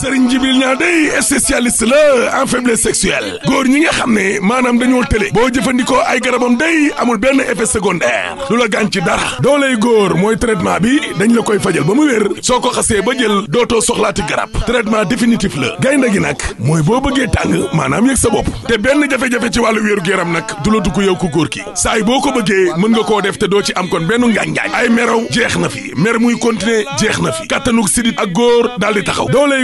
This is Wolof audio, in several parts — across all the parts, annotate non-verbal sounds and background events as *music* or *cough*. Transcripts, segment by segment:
sëriñ jibil ñaa day spécialiste la en faiblesse sexuelle góor ñi nga xam ne maanaam dañoo télé boo jëfandikoo ay garabam day amul benn effet secondaire du la gaañ ci dara doolay góor mooy traitement bi dañ la koy fajal ba mu wér soo ko xasee ba jël dootoo soxlaati garab traitement définitif la gaynde gi nag mooy boo bëggee tàng maanaam yëg sa bopp te benn jafe-jafe ci wàllu wéeru yaram nag du la dugg yow ku góor ki saa boo ko bëggee mën nga koo def te doo ci am kon benn ngaañ-ngaañ ay meraw jeex na fi mer muy continuer jeex na fi kattanug ak góor daal di taxaw doolay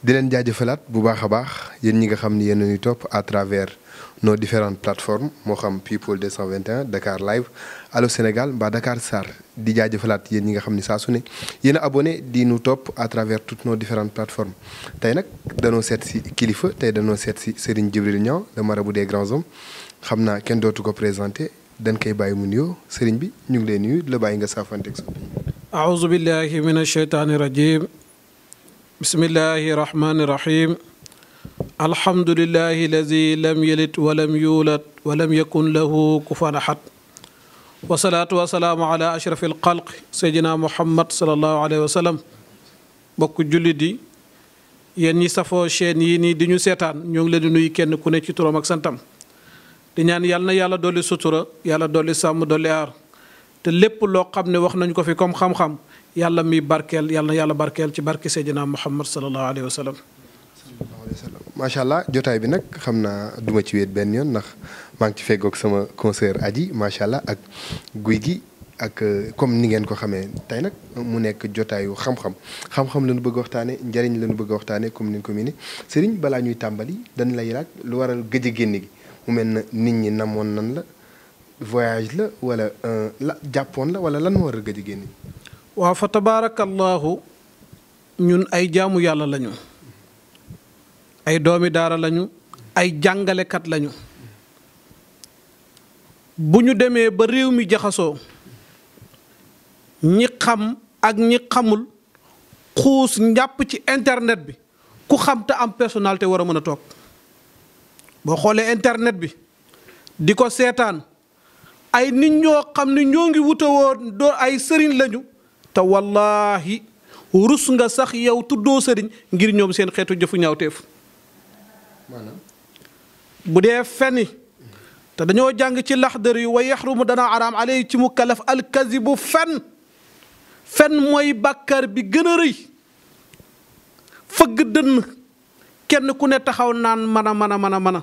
di leen jaajëfalaat bu baax a baax yéen ñi nga xam ni yéen ñuy topp à travers nos différentes plateformes moo xam People 221 Dakar Live Allo Sénégal mbaa Dakar Star di jaajëfalaat yéen ñi nga xam ni saa su ne yéen a abonné di nu topp à travers toutes nos différentes plateformes tey nag danoo seet si kilifa tey danoo seet si Serigne Djibril Niang le bu des grands hommes xam naa kenn dootu ko présenté dañ koy bàyyi mu nuyoo Serigne bi ñu ngi leen nuyu la bàyyi nga saafanteeg so bismillahi rahmani rahim alhamdulillahi alladi lam yalid wa lam yulad wa lam yakun lahu kufuwan ahad wasalaatu wasalaamu ala ashrafi alxalq seydina muhammad salallahu alayhi wa bokk jullit yi yéen ñi safoo chaîne yi nii di ñu seetaan ñoo ngi leen di nuyu kenn ku ne ci turam ak santam di ñaan yàlla na yàlla dolli sutura yàlla dolli sàmm dolli aar te lépp loo xam ne wax nañ ko fi comme xam-xam yàlla mi barkeel yàlla yàlla barkeel ci barke Seydina Muhammad sallallahu alayhi wa sallam. macha allah jotaay bi nag xam naa duma ci wéet benn yoon ndax maa ngi ci feggoog sama concert aji macha allah ak guy gi ak euh, comme ni ngeen ko xamee tey nag mu nekk jotaayu xam-xam xam-xam bëgg waxtaane njariñ lañu bëgg waxtaane comme ni ko mu ne balaa ñuy tàmbali dañ lay laaj lu waral gëj génn gi mu mel na nit ñi namoon nan la voyage la wala euh, la jàppoon la wala lan moo waral gëj génn gi waaw fa tabaarakallaahu ñun ay jaamu yàlla lañu ay doomi daara lañu ay jàngalekat lañu bu ñu demee ba réew mi jaxasoo ñi xam ak ñi xamul xuus njàpp ci internet bi ku xam te am personnalité war a mën a toog boo xoolee internet bi di ko seetaan ay nit ñoo xam ne ñoo ngi wutawoo doo ay sëriñ lañu te wallaahi rus nga sax yow tuddoo sëriñ ngir ñoom seen xeetu jëfu ñaawteef bu dee feni te dañoo jàng ci laxdar yi wa yaxrumu dana araam alay ci mu kalaf alkazibu fen fen mooy bàkkaar bi gën a rëy fëgg dënn kenn ku ne taxaw naan man a man a man a man a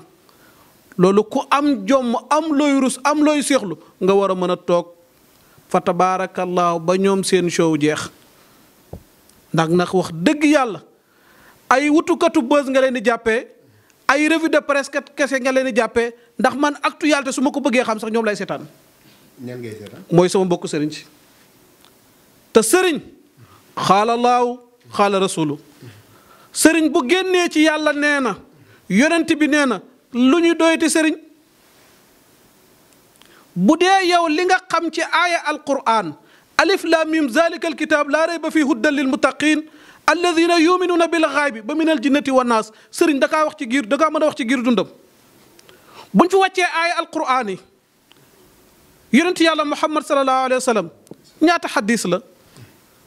loolu ku am jomm am looy rus am looy seexlu nga war a mën a toog fa tabaarakallaahu ba ñoom seen show jeex ndax nag wax dëgg yàlla ay wutukatu bës nga leen di jàppe ay revue de kese nga leen di jàppee ndax man actualité su ma ko bëggee xam sax ñoom lay seetaan. ñan mooy sama mbokku sëriñ si te sëriñ xaala xaala rasulu sëriñ bu génnee ci yàlla nee na yonent bi nee na ñuy ñu doyati sëriñ. bu dee yow li nga xam ci aaya alquran alif lam mim zalika alkitab laa rayba fii huddan lil muttaqin alladina yuminuuna bil ghaybi ba minal jinnati wa naas sëriñ da kaa wax ci giir da kaa mën a wax ci dundam wàccee aaya alquran yi yàlla muhammad salallahu alayhi wa sallam ñaata xadis la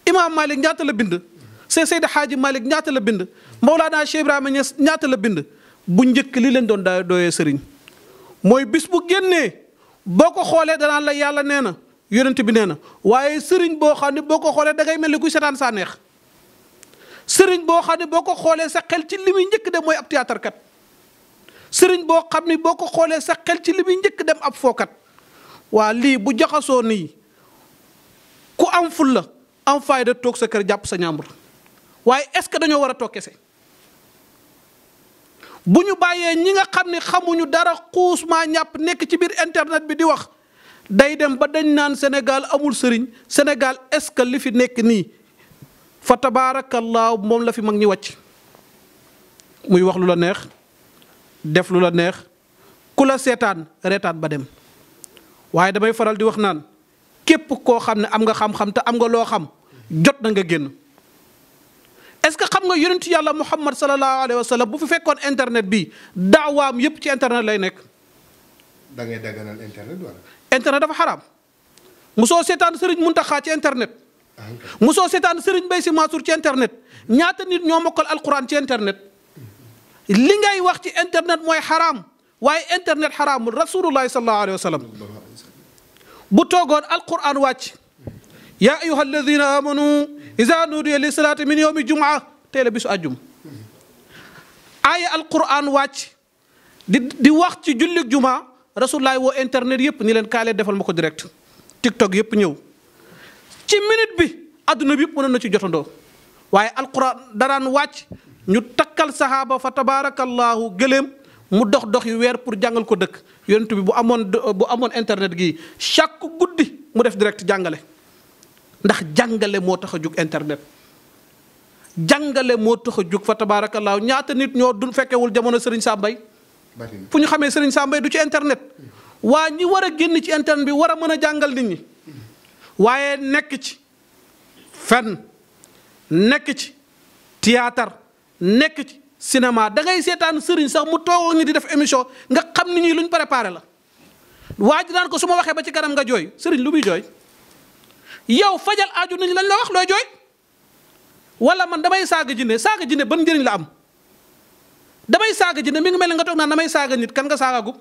imaam ñaata la bind see seydi xaaji ñaata la bind mawlaana ñaata la bind bu njëkk li leen doon daa dooyee sëriñ mooy bis bu génnee boo ko xoolee danaan la yàlla nee na yonent bi nee na waaye sëriñ boo xam ne boo ko xoolee dangay mel ni kuy setaan saa neex sëriñ boo xam ne boo ko xoolee sa xel ci li muy njëkk dem mooy ab théâtre kat boo xam ne boo ko xoolee sa ci li muy njëkk dem ab fookat waa lii bu jaxasoo nii ku am ful la am fayda toog sa kër jàpp sa ñaambur waaye est-ce que dañoo war a toog kese bu ñu bàyyee ñi nga xam ne xamuñu dara xuus maa ñàpp nekk ci biir internet bi di wax day dem ba dañ naan Sénégal amul sëriñ senegal est-ce que li fi nekk nii fa tabaarakallaahu moom la fi mag ñi wàcc muy wax lu la neex def lu la neex ku la seetaan reetaan ba dem waaye damay faral di wax naan képp koo xam ne am nga xam-xam te am nga loo xam jot na nga génn est-ce que xam nga yonentu yàlla muhammad salallahu alayhi wa sallam bu fi fekkoon internet bi daawaam yépp ci internet lay nekk. da ngay daganal internet wala. internet dafa xaraam soo seetaan Serigne Mountakha ci internet. Ah, musoo seetaan Serigne Mbaye Sy Mansour ci internet ñaata nit ñoo mokkal alquran ci internet. li ngay wax ci internet mooy xaram waaye internet xaraamul rasulullahi salallahu alayhi wa sallam bu toogoon alquran wàcc. yaa ayyuha alladina amanu iza nudiya li salaati min yowmi jumaa tey la bisu àjjuma aaya alquran wàcc di di wax ci jullig jumaa rasulullaay woo internet yëpp ni leen kaale defal ma ko direct tiktok yëpp ñëw ci minute bi adduna bi yëpp mënoon na ci jotandoo waaye alquran daraan wàcc ñu takkal saxaaba fa tabaarakallahu gëléem mu dox dox yi weer pour jàngal ko dëkk yonent bi bu amoon bu amoon internet gi chaque guddi mu def direct jàngale ndax jàngale moo tax a jug internet jàngale moo tax a jóg fa tabaarakallaahu ñaata nit ñoo du fekkewul jamono saa mbay fu ñu xamee sëriñ saa mbay du ci internet waa ñi war a génn ci internet bi war a mën a jàngal nit ñi waaye nekk ci fen nekk ci théâtre nekk ci cinéma dangay seetaan sëriñ sax mu toog ñi di def émission nga xam ni ñi luñ préparé la waa ji daan ko su ma waxee ba ci kanam nga jooy sëriñ lu muy jooy. yow fajal aaju nañ lañ la wax looy jooy wala man damay saaga jinne saaga jinne ban njëriñ la am damay saaga jinne mi ngi mel ne nga toog naan damay saaga nit kan nga saagagu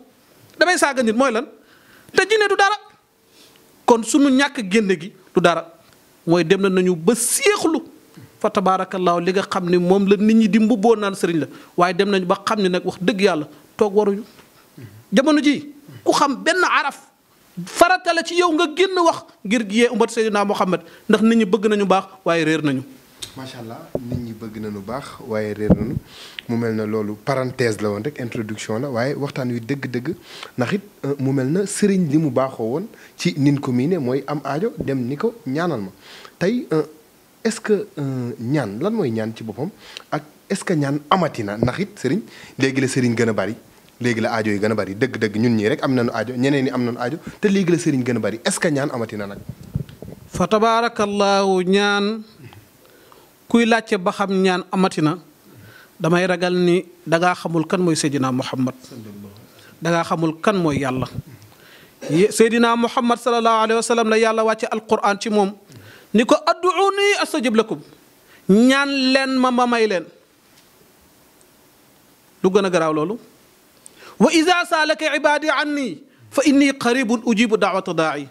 damay saaga nit mooy lan te jinne du dara kon sunu ñàkk génne gi du dara mooy dem na nañu ba séexlu fa tabaarakallaahu li nga xam ne moom la nit ñi di mbubboo naan sëriñ la waaye dem nañu ba xam ne nag wax dëgg yàlla toog waruñu jamono ji ku xam benn araf farata ci yow nga génn wax ngir yee ummat naa Muhammad ndax nit ñi bëgg nañu baax waaye réer nañu. macha allah nit ñi bëgg nañu baax waaye mu mel na loolu parenthèse la woon rek introduction la waaye waxtaan wi dëgg-dëgg ndax it euh, mu mel na sëriñ li mu baaxoo woon ci nin ko miine mooy am aajo dem ni ko ñaanal ma tey euh, est-ce que euh, ñaan lan mooy ñaan ci boppam ak est-ce que ñaan amati na ndax it sëriñ léegi la sëriñ gën a bari. léegi la aajo yi gën a bari dëgg-dëgg ñun ñii rek am na nu aajo ñeneen ñi am nañu aajo te léegi la sëriñ gën a bari est-ce que ñaan amati na nag. fa kuy laajte ba xam ñaan amati damay ragal ni dangaa xamul kan mooy Seydina Muhammad dangaa xamul kan mooy yàlla. Seydina Muhammad sallallahu alayhi wa sallam la yàlla wàcce alquran ci moom ni ko adduuni astajib lakum ñaan leen ma ma may leen lu gën a garaaw loolu. wa ida saalaka ibaadi anni fa inni qaribun ujibu daawata daa'i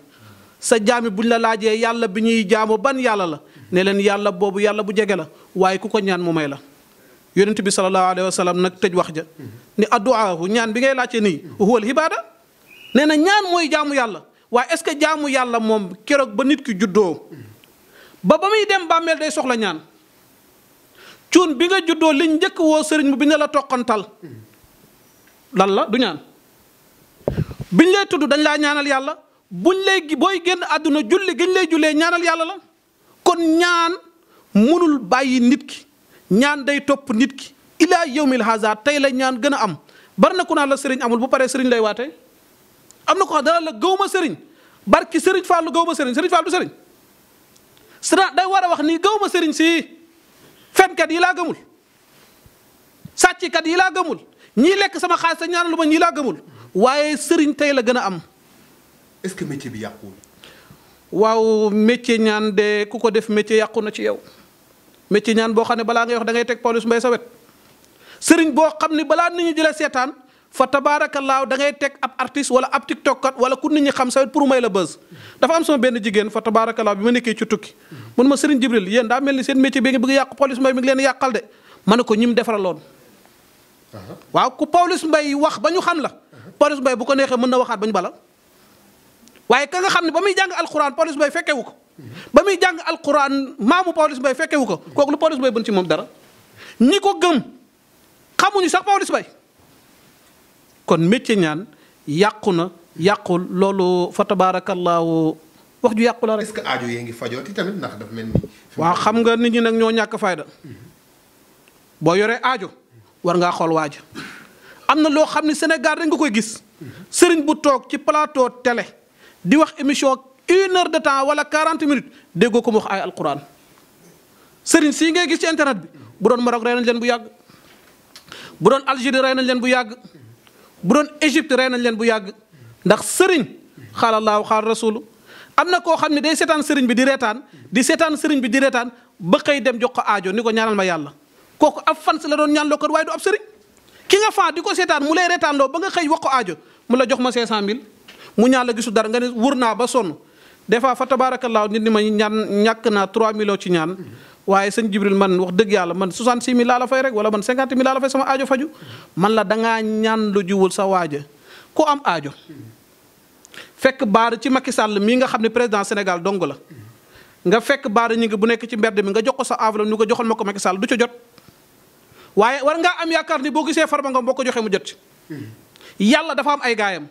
sa jaami buñ la laajee yàlla bi ñuy jaamu ban yàlla la ne leen yàlla boobu yàlla bu jege la waaye ku ko ñaan mu may la yonent bi sallallahu alayhi wa nag tëj wax ja ni adduaahu ñaan bi ngay laajte nii huwal hibaada nee na ñaan mooy jaamu yàlla waaye est ce que jaamu yàlla moom keroog ba nit ki juddoo ba ba muy dem bàmmeel day soxla ñaan cuun bi nga juddoo liñ njëkk woo sëriñ bi ne la toqantal lan la du ñaan biñ lay tudd dañ laa ñaanal yàlla buñ lay booy génn àdduna julli giñ lay jullee ñaanal yàlla la kon ñaan mënul bàyyi nit ki ñaan day topp nit ki ilaa yawmil haza tey lay ñaan gën a am bari na ku naa la sëriñ amul bu paree sëriñ lay waatee am na ko xam dana la gaw ma sëriñ barki sëriñ Fallou gaw ma sëriñ sëriñ Fallou du sëriñ sëriñ day war a wax nii gaw ma sëriñ si fenkat yi laa gëmul sàcckat yi laa gëmul ñii lekk sama xaalis te ñaanalu ma ñii laa gëmul waaye sëriñ tey la gën a am. est-ce bi yàquwul. waaw métier ñaan de ku ko def métier yàqu na ci yow métier ñaan boo xam ne balaa nga wax da ngay teg Pawlish Mbaye sa wet sëriñ boo xam ne balaa nit ñi di la seetaan fa tabaarakallaahu da ngay teg ab artiste wala ab tiktokkat wala ku nit ñi xam sa wet pour may la buzz dafa am sama benn jigéen fa tabaarakallaahu bi ma nekkee ci tukki mun sëriñ Jibril yéen daa mel ni seen métier yàqal ma ne ko ñi mu defaraloon waaw ku Pawlish Mbaye wax ba ñu xam la Pawlish Mbaye bu ko neexee mën na waxaat ba ñu bala waaye ka nga xam ne ba muy jàng alxuraan polis Mbaye fekkewu ko ba muy jàng alxuraan maamu Pawlish Mbaye fekkewu ko kooku lu Pawlish Mbaye bën ci moom dara ñi ko gëm xamuñu sax Pawlish Mbaye kon métier ñaan yàqu na yàqul loolu fa tabaarakallaahu wax ju yàqu la rek. est-ce ngi fajooti tamit ndax dafa mel ni. xam nga nit ñi nag ñoo ñàkk fayda boo yore aajo. war ngaa xool waaju am na loo xam ne Sénégal rek nga koy gis sëriñ bu toog ci plateau télé di wax émission une heure de temps wala 40 minutes déggoo ko mu wax ay alquran sëriñ sii ngay gis ci internet bi bu doon Maroc rey nañ leen bu yàgg bu doon Algérie rey nañ leen bu yàgg bu doon Égypte rey nañ leen bu yàgg ndax sëriñ xaala laahu xaala rasulu am na koo xam ne day seetaan sëriñ bi di reetaan di seetaan sëriñ bi di reetaan ba këy dem jox ko aajo ni ko ñaanal ma yàlla kooku ab fans la doon ñaan lokkat waaye du ab sëriñ ki nga faa di ko seetaan mu lay reetaanloo ba nga xëy wax ko aajo mu la jox ma 500000 mu ñaan la gisu dara nga ne wër naa ba sonn des fois fa tabaarakallaahu nit ñi ma ñaan ñàkk naa 3 millions ci ñaan. waaye sëñ Jibril man wax dëgg yàlla man 66000 laa la fay rek wala man 50000 laa la fay sama aajo faju man la dangaa ñaan lu sa waaja ku am aajo. fekk baar ci Macky Sall mii nga xam ne président Sénégal dong la nga fekk baar ñi ngi ci mbedd mi nga jox ko sa enveloppe ñu ko joxal ko Macky Sall du ca jot. waaye war ngaa am yaakaar ni boo gisee Farba nga boo ko joxee mu jot yàlla dafa am ay gaayam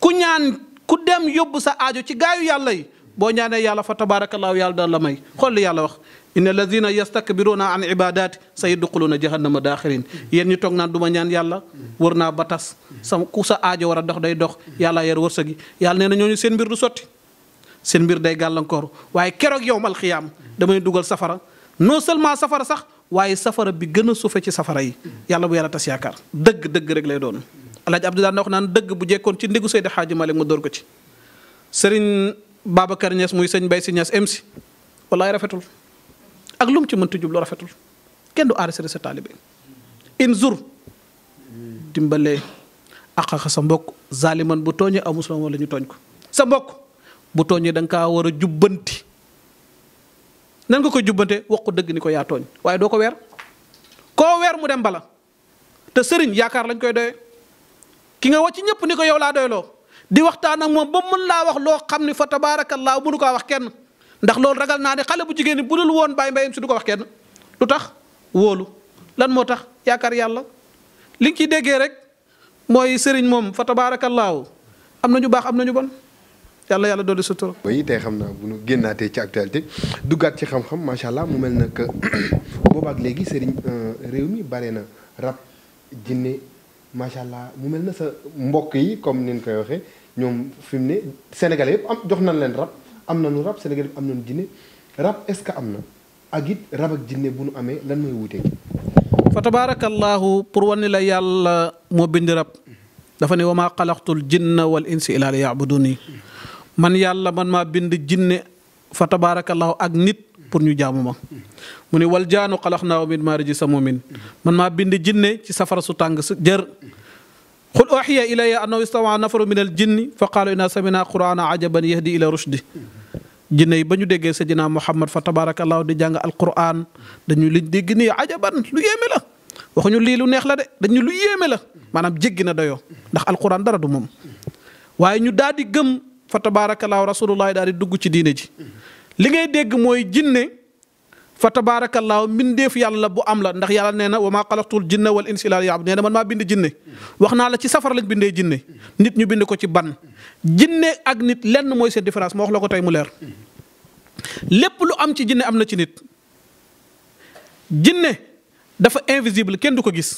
ku ñaan ku dem yóbbu sa aajo ci gaayu yàlla yi boo ñaanee yàlla fa laaw yàlla daal la may xool yàlla wax la inna alladina yastakbiruuna an ibadaati sa yadxuluuna jahannama daaxirin yéen ñu toog naan du ñaan yàlla war naa ba tas sama ku sa aajo war a dox day dox yàlla yar wërsëgi yàlla nee na ñooñu seen mbir du sotti seen mbir day gàllankoor waaye keroog yow mal xiyaam damay safara non waaye safara bi gën a suufe ci safara yi yàlla bu yàlla tas yaakaar dëgg dëgg rek lay doon alaaji abdu daan wax naan dëgg bu jekkoon ci ndiggu Seydi Xaaji Malik ma dóor ko ci sëriñ Babacar Niass muy sëñ Bay si Niass MC wallaay rafetul ak lum ci mënti jublu rafetul kenn du enregistré sa taalibe in zur dimbalee ak sa mbokk zaliman bu tooñee aw musulman wala ñu tooñ ko sa mbokk bu tooñee danga nga kaa war a jubbanti nan nga ko jubbante wax ko dëgg ni ko yaa tooñ waaye doo ko weer koo weer mu dem bala te sëriñ yaakaar lañ koy doyee ki nga ci ñëpp ni ko yow laa doyloo di waxtaan ak moom ba mën laa wax loo xam ni fa tabaarakallaa mënu kaa wax kenn ndax loolu ragal naa ne xale bu jigéen ni bu dul woon bàyyi mbayam si du ko wax kenn lu tax wóolu lan moo tax yaakaar yàlla li nga déggee rek mooy sëriñ moom fa tabaarakallaahu am na ñu baax am nañu ñu bon. yàlla yàlla dolli sutura. oui tey xam naa bu nu génnaatee ci actualité duggaat ci xam-xam macha allah mu mel na que *coughs* boobaak léegi sëriñ euh, réew mi bare na rab jinne macha allah mu mel na sa mbokk yi comme ni koy waxee ñoom fi mu ne Sénégalais yëpp am jox na leen rab am nañu rab Sénégalais yëpp am nañu jinne rab est-ce que am na ak it rab ak jinne bu nu amee lan mooy wuute gi. fa tabaarakallaahu pour wane la yàlla moo bind rab dafa ne wa maa xalaqtul jinna wal insi illaa liya'buduun man yàlla man maa bind jinne fa tabaarakallaahu ak nit pour ñu jaamu ma mu ne wal jaanu xalax naaw min maariji samumin man maa bind jinne ci safara su tàng su jër qul uhiya ilayya annahu istamaa nafaru min al jinni fa qaalu inna samina qur'ana ajaban yahdi ila rushdi jinne yi ba ñu déggee Seydina Muhammad fa tabaarakallaahu di jàng alquran dañu liñ dégg nii ajaban lu yéeme la waxuñu lii lu neex la de dañu lu yéeme la maanaam jéggi na dayoo ndax alquran dara du moom waaye fa tabaarakallaahu rasulullahi daal di dugg ci diine ji li ngay dégg mooy jinne fa tabaarakallaahu mbindeef yàlla bu am la ndax yàlla nee na wa maa xalaqtul jinna wal insa illaa liya'buduun nee na man maa bind jinne wax naa la ci safara lañ bindee jinne nit ñu bind ko ci ban jinne ak nit lenn mooy seen différence ma wax la ko tey mu leer lépp lu am ci jinne am na ci nit jinne dafa invisible kenn du ko gis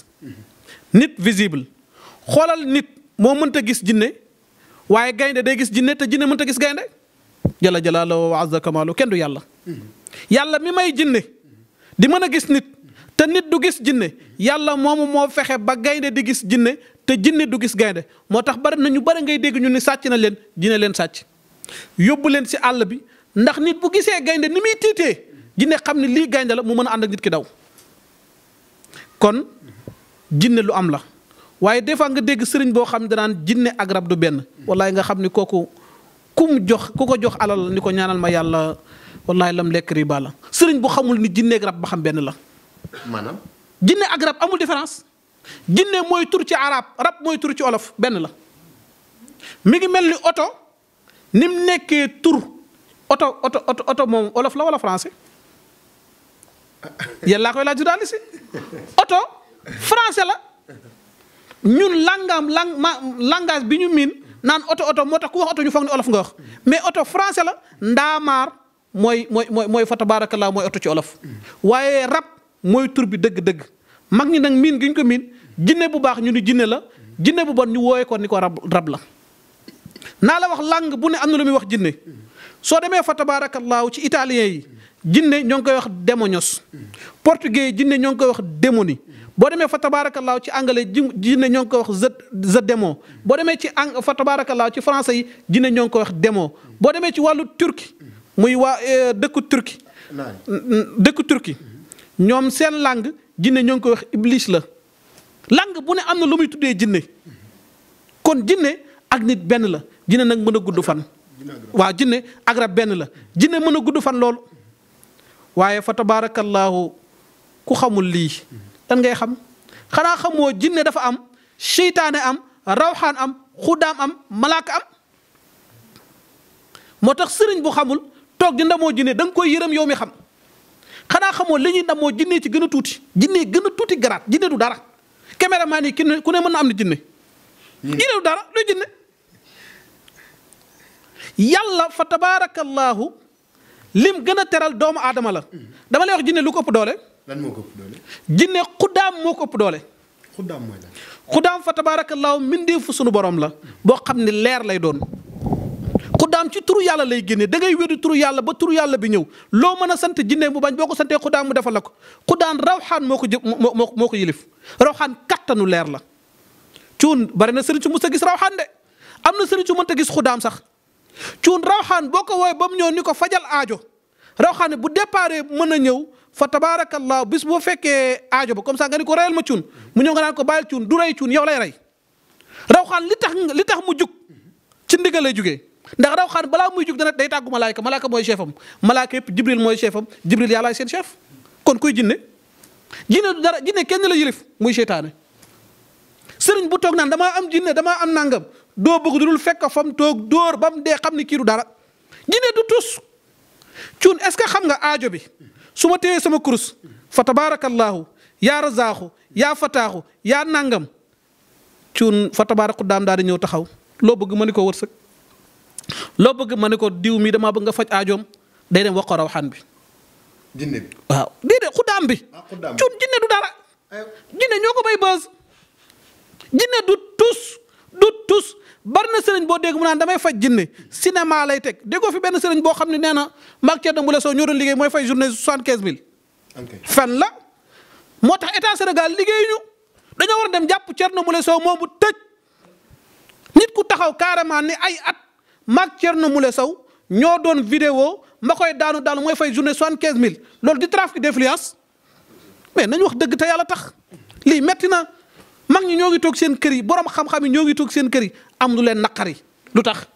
nit visible xoolal nit moo mënta gis jinne waaye gaynde day gis jinne te jinne mënta gis gaynde jalla jalaaluhu wa azza kamaalu kenn du yàlla yàlla mi may jinne di mën a gis nit te nit du gis jinne yàlla moomu moo fexe ba gaynde di gis jinne te jinne du gis gaynde moo tax bari na ñu bari ngay dégg ñu ni sàcc na leen jinne leen sàcc yóbbu leen si àll bi ndax nit bu gisee gaynde ni muy tiitee jinne xam ne lii gaynde la mu mën a ànd ak nit ki daw kon jinne lu am la waaye des fois nga dégg sëriñ boo xam ne danaan jinne ak rab du benn wallaay nga xam ni kooku mu jox ku ko jox alal ni ko ñaanal ma yàlla wallaay lam lekk riba la sëriñ bu xamul ni jinne ak rab ba xam benn la. maanaam. jinne ak rab amul différence jinne mooy tur ci arab rab mooy tur ci olof benn la mi ngi mel ni oto ni mu nekkee tur oto oto oto oto moom olof la wala français *laughs* yàlla koy laaj si oto français la. ñun langaam lang ma langage bi ñu miin naan oto oto moo tax ku wax oto ñu foog ne olof nga wax mais oto france la ndaamaar mooy mooy mooy mooy fa tabaarakallaa mooy oto ci olof waaye rab mooy tur dëgg-dëgg mag ñi nag miin gi ñu ko miin jinne bu baax ñu ni jinne la jinne bu bon ñu wooye ko ni ko rab rab la naa la wax langue bu ne am na lu muy wax jinne soo demee fa laaw ci italien yi jinne ñoo ngi koy wax demoños portugais yi jinne ñoo ngi koy wax démoni boo demee fa tabaarakallaahu ci anglais ji jinne ñoo ngi ko wax the démo boo demee ci ang fa tabaarakallaahu ci français yi jinne ñoo ngi ko wax démo boo demee ci wàllu turki muy waa eh, dëkku turki dëkku turki ñoom seen langue jinne ñoo ngi ko wax iblis la langue bu ne am na lu muy tuddee jinne kon jinne ak nit benn la jinne nag mën a gudd fan waaw jinne ak rab benn la jinne mën a gudd fan loolu waaye fa tabaarakallaahu ku xamul lii lan ngay xam xanaa xamoo jinne dafa am seytaane am rawxaan am xudaam am malaaka am moo tax sëriñ bu xamul toog di ndamoo jinne danga koy yërëm yow mi xam xanaa xamoo li ñuy moo jinne ci gën a tuuti jinne gën a tuuti garaat jinne du dara caméraman yi ku ne mën na am ni jinne jinne du dara luy jinne yàlla fa tabaarakallaahu lim gën a teral doomu aadama la dama lay jinne lu ko ëpp doole lan ko ëpp doole. jinne xuddaam moo ko ëpp doole. xuddaam mooy lan. xuddaam fa tabaarakallaahu mbindeefu sunu borom la boo xam ne leer lay doon. xuddaam ci turu yàlla lay génne da ngay weddi turu yàlla ba turu yàlla bi ñëw loo mën a sant jinne mu bañ boo ko santee xuddaam mu defal la ko xuddaam rawxaan moo ko jë moo ko yilif rawxaan kàttanu leer la. cuun bari na sëriñ su mës a gis rawxaan de am na sëriñ su mënta gis xuddaam sax cuun rawxaan boo ko woowee ba mu ñëw ni ko fajal aajo rawxaan bu déparé mën a ñëw fa tabaarakallaahu bis boo fekkee aajo ba comme ça nga ni ko reyal ma cuun mu ñëw nga naan ko bàyyil cuun du rey cuun yow lay rey raw xaan li tax li tax mu jug ci ndigal lay jugee ndax raw xaan balaa muy jug dana day tàggu malaayka malaayka mooy chef am malaayka yëpp jibril mooy chef am jibril yàllaay seen kon kuy jinne jinne du dara jinne kenn la yilif muy seytaane sëriñ bu toog naan damaa am jinne damaa am nangam doo bëgg du dul fekk fam toog door ba mu dee xam ni kii dara jinne du tus cuun est ce que xam nga aajo bi su ma téyee sama kurus fa tabaarakallaahu yaa razaaxu yaa fataaxu yaa nangam cuun fa tabaaraku daam daal ñëw taxaw loo bëgg ma ni ko loo bëgg ma ni ko diw mi dama bëgg nga faj aajoom day dem wax ko rawxaan bi. bi waaw déedéet xuddaam ah, bi. cuun jinne du dara. jinne ñoo ko bay bës jinne du tus. tus bari na sëriñ boo dégg mu naan damay faj jinne cinéma lay teg déggoo fi benn sëriñ boo xam ne neena na Mbacke Thierno Moule Sow ñoo doon liggéey mooy fay journée soixante-quinze mille. fan la moo tax état Sénégal liggéeyuñu dañoo war a dem jàpp Thierno Moule Sow moomu tëj nit ku taxaw carrément ni ay at Mbacke Thierno Moule Sow ñoo doon vidéo ma daanu daanu mooy fay journée soixante-quinze mille loolu di trafic d'influence mais nañu wax dëgg te yàlla tax lii metti mag ñi ñoo ngi toog seen kër yi borom xam-xam yi ñoo ngi toog seen kër yi am lu leen naqari lu tax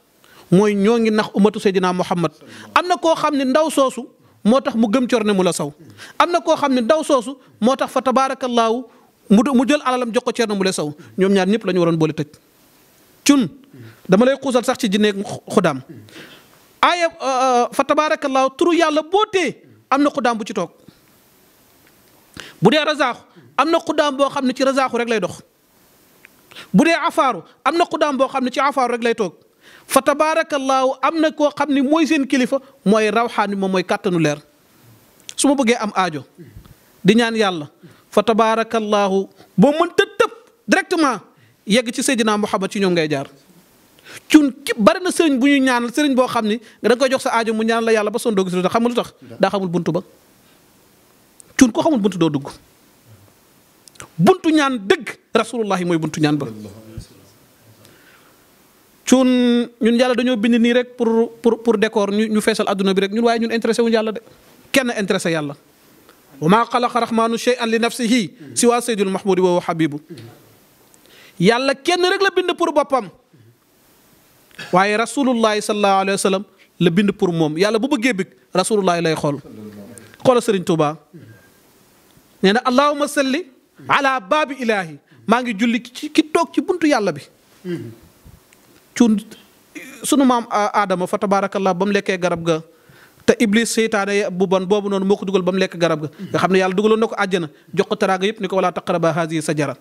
mooy ñoo ngi nax umatu Seydina Muhammad am na koo xam ne ndaw soosu moo tax mu gëm cor ne mu la saw am na koo xam ne ndaw soosu moo tax fa tabaarakallaahu mu jël alalam jox ko cor ne mu la saw ñoom ñaar ñëpp la ñu waroon boole tëj. cun dama lay xuusal sax ci jinneeg xudaam aaya euh, euh, fa law turu yàlla boo tee am na xudaam bu ci toog bu dee razaaxu am na xuddaam boo xam ne ci razaaxu rek lay dox bu dee afaaru am na xuddaam boo xam ne ci afaaru rek lay toog fa tabaarakallaahu am na koo xam ni mooy seen kilifa mooy rawxaan moom mooy kàttanu leer su ma bëggee am aajo di ñaan yàlla fa tabaarakallaahu boo mën tëb tëb directement yegg ci Seydina Muhammad ci ñoom ngay jaar. cun ki bari na sëriñ bu ñuy ñaanal sëriñ boo xam ni da nga koy jox sa aajo mu ñaanal la yàlla ba son doo gis lu tax xamul tax daa xamul buntu ba cun ko xamul buntu doo dugg. buntu ñaan dëgg rasulullahi mooy buntu ñaan ba cuun ñun yàlla dañoo bind nii rek pour pour pour décor ñu ñu feesal adduna bi rek ñun waaye ñun intéressé wu yàlla de kenn intéressé yàlla wa maa xalaqa rahmaanu shay'an li nafsihi si waa sayyidul mahmudi wa habibu yàlla kenn rek la bind pour boppam waaye rasulullahi sallallahu alayhi wa sallam la bind pour moom yàlla bu bëggee big rasulullahi lay xool xoola sëriñ Tuuba nee na allahumma salli ala baabi ilaahi maa ngi julli ci ki toog ci buntu yàlla bi cun sunu maam aadama fa tabaarakallah ba mu lekkee garab ga te iblis seytaane bu bon boobu noonu moo ko dugal ba mu lekk garab ga nga xam ne yàlla dugaloon na ko àjjana jox ko teraanga yëpp ni ko wala taqraba haadihi sajara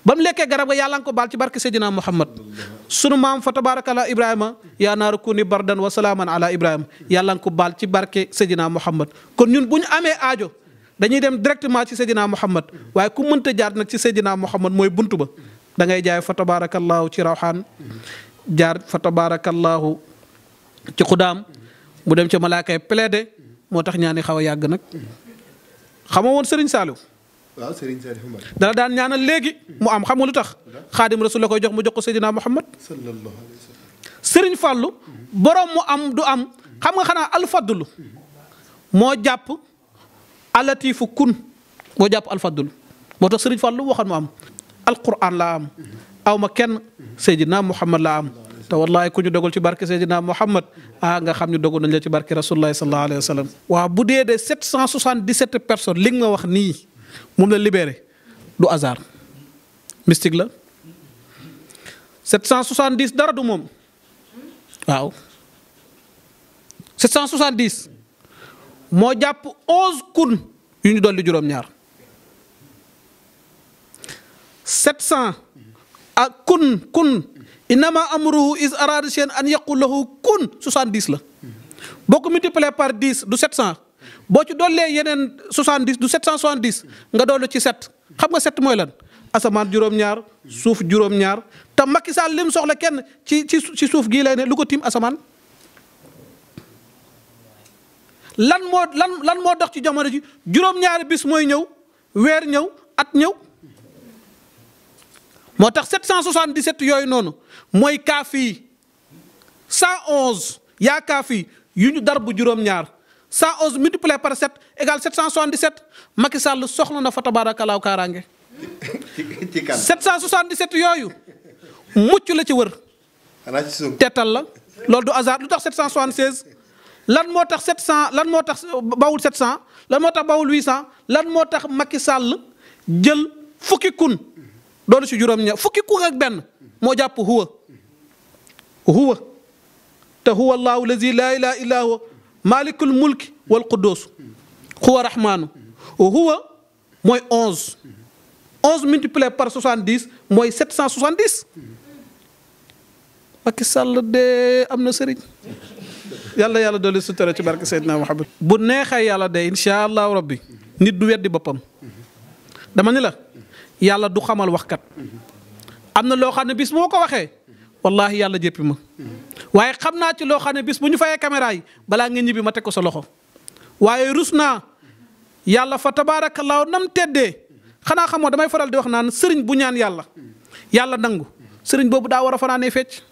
ba mu lekkee garab ga yàlla nga ko baal ci barke Seydina Muhammad sunu maam fa tabaarakallah ibrahima yaa naaru kuni bardan wa salaaman ala ibrahima yàlla nga ko baal ci barke Seydina Muhammad kon ñun bu ñu amee aajo dañuy dem directement ci Seydina Muhammad waaye ku mënta jaar nag ci Seydina Muhammad mooy buntu ba da ngay jaay fa tabaarakallaahu ci rawxaan jaar fa tabaarakallaahu ci xudaam mu dem ca malaakay plaidé moo tax ñaani xaw a yàgg nag xamoo woon Serigne Saliou. waaw Serigne Saliou dala daan ñaanal léegi mu am xam nga lu tax xaadim rasul la koy jox mu jox ko Seydina Muhammad sallallahu alayhi wa sallam Serigne Fallou borom mu am du am xam nga xanaa alfadlu moo jàpp. alatifu kun boo jàpp alfadul moo tax sëriñ Fallu waxoon ma am alquran laa am aw ma kenn Seydina Muhammad laa am te wallahi ku ñu dogal ci barke Seydina Muhammad ah nga xam ne dogal nañ la ci barke Rasulullah sallallahu alayhi wa sallam. waaw bu dee de 777 personnes li nga wax nii moom la libéré du hasard mystique la 770 dara du moom waaw moo jàpp onze kun yu ñu dolli juróom-ñaar sept cent ak kun kun innama amruhu is arada shay'an an la lahu kun soixante-dix la boo ko multiplier par dix du sept cent boo ci dollee yeneen soixante-dix du sept cent soixante-dix nga dolli ci sept xam nga sept mooy lan asamaan juróom-ñaar suuf juróom-ñaar te Macky Sall lim soxla kenn ci ci ci suuf gii lay ne lu ko tiim asamaan lan moo lan lan moo dox ci jamono ji juróom-ñaari bis mooy ñëw weer ñëw at ñëw moo tax 777 yooyu noonu mooy kaafi 111 yaa kaafi yu ñu dar bu juróom-ñaar 111 multiplié par 7 égale 777 Macky Sall soxla na fa tabaarakallaahu kaaraange. *laughs* ci kan 777 yooyu mucc la ci wër. xanaa ci tetal la loolu du hasard lu tax 776. lan moo tax 700 euh, lan moo tax bawul 700 lan moo tax bawul lan moo tax Macky Sall jël fukki kun doolu si juróom-ñaar fukki kun ak benn moo jàpp huwa huwa te huwa allahu lazi laa ilaha illa huwa malikul mulki wal quddus huwa rahmaanu huwa mooy 11 11 multiplié par 70 mooy 770 Macky Sall de am na sëriñ. yàlla yàlla dolli sutura ci barke Seydina Muhammad bu neexee yàlla de incha allahu rabbi nit du weddi boppam dama ni la yàlla du xamal waxkat am na loo xam ne bis moo ko waxee wallaahi yàlla jéppi ma xam naa ci loo xam ne bis bu ñu fayee caméra balaa nga ñibbi ma teg ko sa loxo waaye rus naa yàlla fa tabaarakallaahu nam teddee xanaa xamoo damay faral di wax naan sëriñ bu ñaan yàlla yàlla nangu sëriñ boobu daa war a fanaanee fecc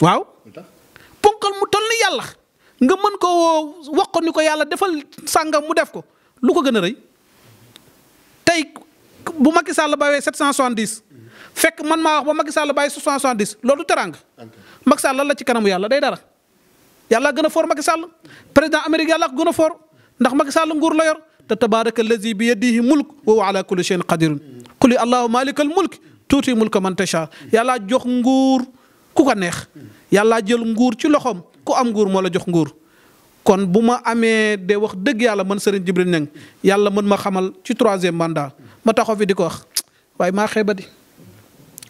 waaw ponkal mu tol ni yàlla nga mën ko wax ko ni ko yàlla defal sàngam mu def ko lu ko gën a rëy tey bu Macky Sall bàyyee 770 fek man maa wax ba Macky Sall bàyyi 770 loolu du teraanga Macky la ci kanamu yàlla day dara yàlla gën a fort Macky Sall président Amérique yàlla gën a fort ndax Macky Sall nguur la yor te tabaaraka allazi bi yadihi mulk wa huwa ala kulli shay'in qadirun quli allahumma malikal tuuti mulka man tasha yàlla jox nguur ku ko neex yàllaa jël nguur ci loxoom ku am nguur moo la jox nguur kon bu ma amee de wax dëgg yàlla man Serigne Djibril Niang yàlla mën ma xamal ci troisième mandat ma taxaw fi di ko wax waaye maa xeebadi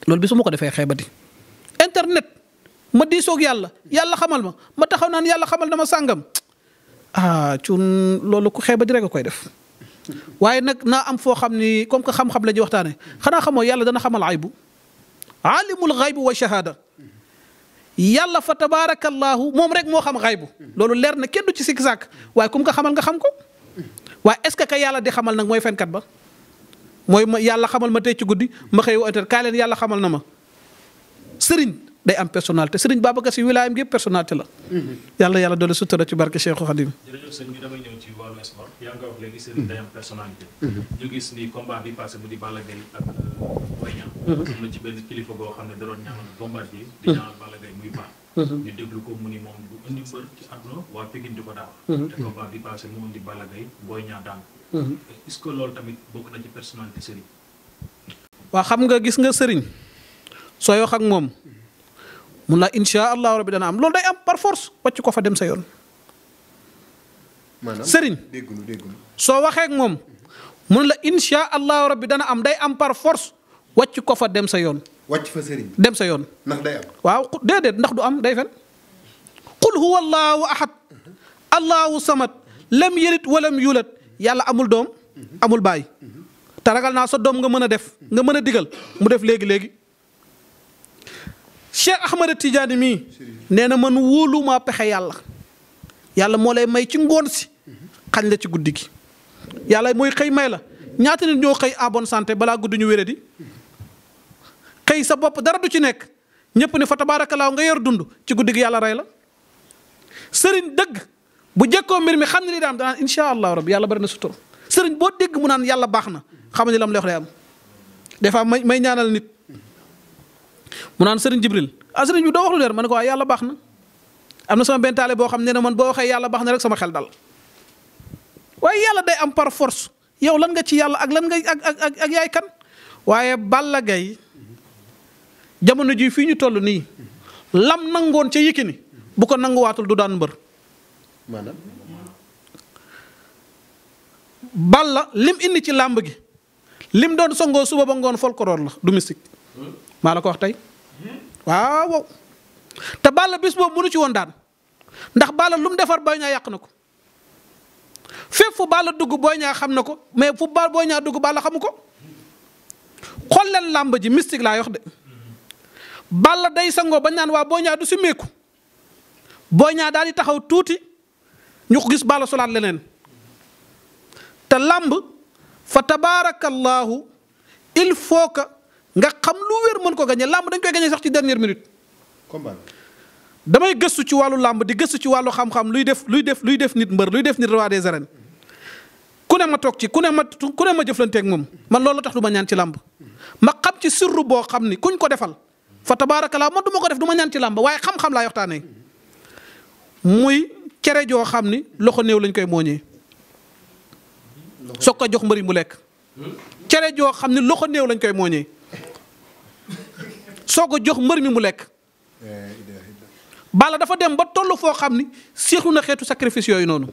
loolu bi su ma ko defee xeebati internet ma diisoog yàlla yàlla xamal ma ma taxaw naan yàlla xamal na ma sàngam ah cun loolu ku xeebati rek a koy def waaye nag naa am foo xam ni comme que xam-xam la ñuy waxtaane xanaa xamoo yàlla dana xamal aybu alimul xaybi wa shahada yàlla fa tabaarakallaahu moom rek moo xam xaybu loolu leer na kenn du ci sikk sàkk waaye kum ko xamal nga xam ko waaye est ce que ka yàlla di xamal nag mooy fenkat ba mooy ma yàlla xamal ma tey ci guddi ma xëy wa kaa leen yàlla xamal na ma sëriñ day am personnalité sëriñ Babacar Sy wilaayam gépp personnalité la. Mm-hmm. yàlla yàlla doole sutura ci barke Cheikh Khadim. jërëjëf sëñ bi damay ñëw ci wàllu mm-hmm. gis ni combat bi passé mu di Balla Gaye ak euh, Boy mm-hmm. xam ne da doon bi ba mhm. ñu déglu ko waa mhm. mhm. tamit bokk waa xam nga gis nga Serigne sooy wax ak moom mun la insha allahu rabbi dana am loolu day am par force wàcc ko fa dem sa yoon sëriñ soo waxee moom mun la insha allahu rabbi dana am day am par force wàcc ko fa dem sa yoon wàcc fa sëriñ dem sa yoon. ndax day am waaw déedéet ndax du am day fen qul huwa allahu ahad allahu samat lam yalid walam yulad yàlla amul doom amul baay te ragal naa sa doom nga mën a def nga mën a digal mu def léegi léegi. Cheikh Ahmada Tidiane mii nee na man wóolu maa pexe yàlla yàlla moo lay may ci ngoon si xañ la ci guddi gi yàlla mooy xëy may la ñaata nit ñoo xëy à bonne santé balaa guddi ñu wéradi. xëy sa bopp dara du ci nekk ñëpp ne fa tabaarakalaaw nga yor dund ci guddi yàlla rey la sëriñ dëgg bu jëkkoo mbir mi xam ne li daam danaan insha allah rabbi yàlla bari na sutur sëriñ boo dégg mu naan yàlla baax na xam ne lam lay wax lay am des may may ñaanal nit mu naan sëriñ jibril ah sëriñ bi doo wax lu leer ma ne ko yàlla baax na am na sama benn taale boo xam ne ne man boo waxee yàlla baax na rek sama xel dal waaye yàlla day am par force yow lan nga ci yàlla ak lan nga ak ak ak yaay jamono ji fii ñu toll nii lam nangoon ca Yékini bu ko nanguwaatul du daan mbër. maanaam. Balla lim indi ci làmb gi lim doon songoo suba ba ngoon folklore la du mystique maa la ko wax tey waaw te Balla bis boobu mënu ci woon daan ndax Balla lu defar Boy Niang yàq na ko fépp fu Balla dugg Boy Niang xam na ko mais fu Balla Boy Niang dugg Balla xamu ko xool leen làmb ji mystique laa yox de. Balla day sangoo bañ ñaan waa Boy Niang du simmeeku Boy Niang daal di taxaw tuuti ñu ko gis Balla solaat leneen te làmb fa tabaarakallaahu il faut que nga xam lu wér mën ko gañe làmb dañ koy gañe sax ci dernière minute. damay gëstu ci wàllu làmb di gëstu ci wàllu xam-xam luy def luy def luy def nit mbër luy def nit roi des arènes ku ne ma toog ci ku ne ma ku ne ma jëflanteeg moom man loolu tax du ma ñaan ci làmb ma xam ci sirru boo xam ni kuñ ko defal. fa tabaarakallaa man du ma ko def du ma ñaan ci làmb waaye xam-xam laa waxtaanee muy cere joo xam ni loxo néew lañ koy mooñee. soog ko jox mbëri mu lekk. cere joo xam ni loxo néew lañ koy mooñee soog a jox mbër mi mu lekk. Balla dafa dem ba tollu foo xam ni seexlu na xeetu sacrifice yooyu noonu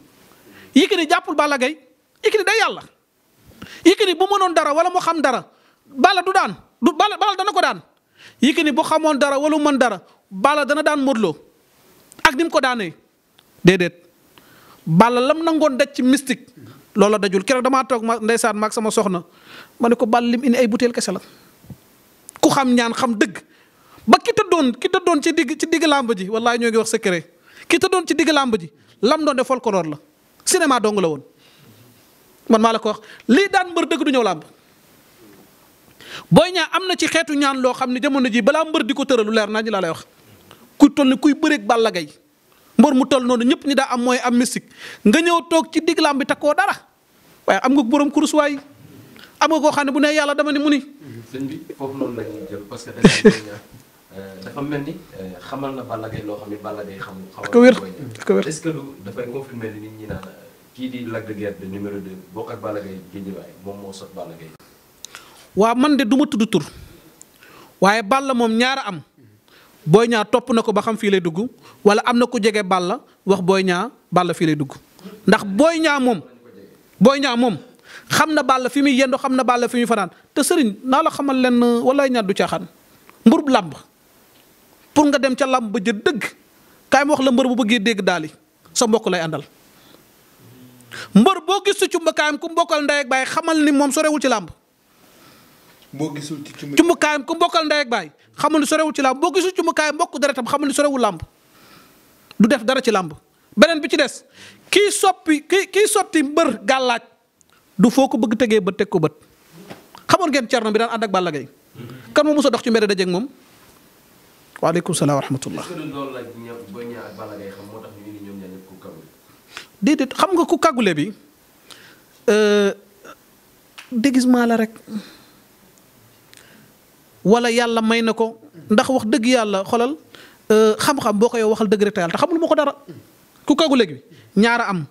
Yékini jàppul Balla gay Yékini day yàlla Yékini bu mënoon dara wala mu xam dara Balla du daan du Balla Balla dana ko daan. ni bu xamoon dara wala mën dara Balla dana daan Modou Lo ak ni mu ko daanee déedéet Balla lam nangoon daj ci mystique loola dajul keroog damaa toog ma ndeysaan maag sama soxna ma ne ko Balla lim indi ay butéel kese la ku xam ñaan xam dëgg ba ki tëddoon ki doon ci digg ci digg làmb ji wallaay ñoo ngi wax secret ki tëddoon ci digg làmb ji lam doon def folklore la cinéma dong la woon man maa la ko wax lii daan mbër dëgg du ñëw làmb Boy Niang am na ci xeetu ñaan loo xam ne jamono ji balaa mbër di ko tëralu leer naa ñu laa lay wax ku toll ni kuy bëreeg Balla Gaye mbër mu toll noonu ñëpp ñi daa am mooy am mystique nga ñëw toog ci diglaam bi takkoo dara waaye am nga boroom kurus waay am nga koo xam ne bu ne yàlla dama ni mu ni. sëñ bi noonu la ñuy jël parce que euh, dafa mel ni euh, xamal na Balla loo xam ne Balla Gaye xamul. xamal ko que lu dafay confirmer li kii di Lac de Guiers de numéro 2 waa man de du ma tudd tur waaye la moom ñaara am booy ñaar topp na ko ba xam fii lay dugg wala am na ku jege la wax Boy Niang Balla fii lay dugg ndax booy Niang moom Boy Niang moom xam na Balla fi muy yendoo xam na Balla fi muy fanaan te sëriñ naa la xamal lenn walaay ñaar du caaxaan mbur làmb pour nga dem ca làmb ba jë dëgg kaay wax la mbër bu bëggee dégg daal sa mbokk lay àndal mbër boo gis su cumba kaayam ku mbokkal ndey baay xamal ni moom sorewul ci làmb boo gisul ci cumbukaayam ku mbokkal ndey ak baay xamul ni sorewul ci làmb boo gisul cumbukaayam mbokk deretam xamul ni sorewul làmb du def dara ci làmb beneen bi ci des kii soppi kii kii sotti mbër gàllaaj du foo ko bëgg tegee bët teg ko bët xamoon ngeen cerno bi daan ànd ak Balla Gaye kan moo mos a dox ci mbedd dajeeg moom waaleykum salaam wa rahmatullah déedéet xam nga ku kagule bi euh, déguisement la rek wala yàlla may na ko ndax wax dëgg yàlla xolal euh, xam-xam boo koy waxal dëgg rek te xamul ma ko dara ku kagu léegi ñaara am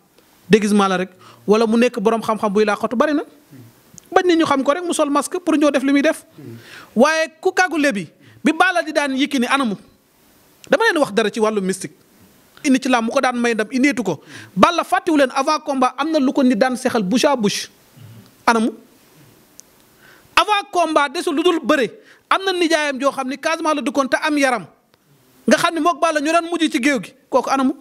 déguisement la rek wala mu nekk borom xam-xam buy laaxatu bari na bañ ni ñu xam ko rek mu sol masque pour ñoo def lu muy def waaye ku kagule bi bi baala di daan yëkki ni anamu dama leen wax dara ci wàllu mystique. indi ci làmb mu ko daan may ndam indeetu ko bala fàttiwu leen avant combat am na lu ko ni daan sexal bouche à bouche anamu avant combat lu dul bëre am na nijaayam joo xam ni Casamance la dëkkoon te am yaram nga xam ne mook Balla ñu daan mujj ci géew gi kooku anamu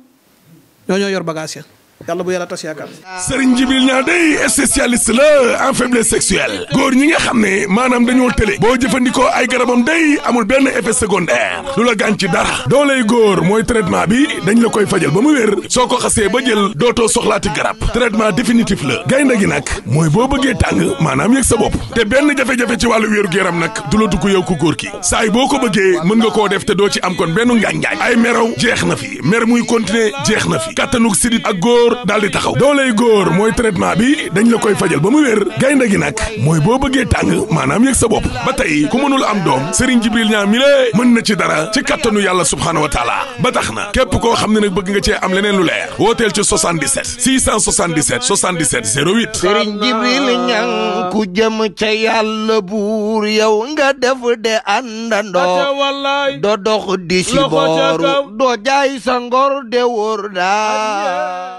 ñoo yor bagage yàlla bu yàlla tas yaakaar Serigne Djibril day spécialiste la en faiblesse sexuelle góor ñi nga xam ne maanaam dañoo tële boo jëfandikoo ay garabam day amul benn effet secondaire lu la gaañ ci dara doolay góor mooy traitement bi dañ la koy fajal ba mu wér soo ko xasee ba jël dootoo soxlaati garab traitement définitif la gaynde gi nag mooy boo bëggee tàng maanaam yëg sa bopp te benn jafe-jafe ci wàll wéeru yaram nag du la dugg yow ku góor ki saay boo ko bëggee mën nga koo def te doo ci am kon benn ngaañ-ngaañ ay meraw jeex na fi mer muy continuer jeex na fi kattanug ak góor góor daal di taxaw dooley góor mooy traitement bi dañ la koy fajal ba mu wér gaynde gi nag mooy boo bëggee tàng maanaam yëg sa bopp ba tey ku mënul am doom Serigne Jibril ñaa mën na ci dara ci kattanu yàlla subhaanahu wa ba tax na képp koo xam ne bëgg nga cee am leneen lu leer wooteel ci 77 677 77 jëm ca yàlla buur yow nga def de àndandoo do dox di si booru doo sa ngor de wóor daa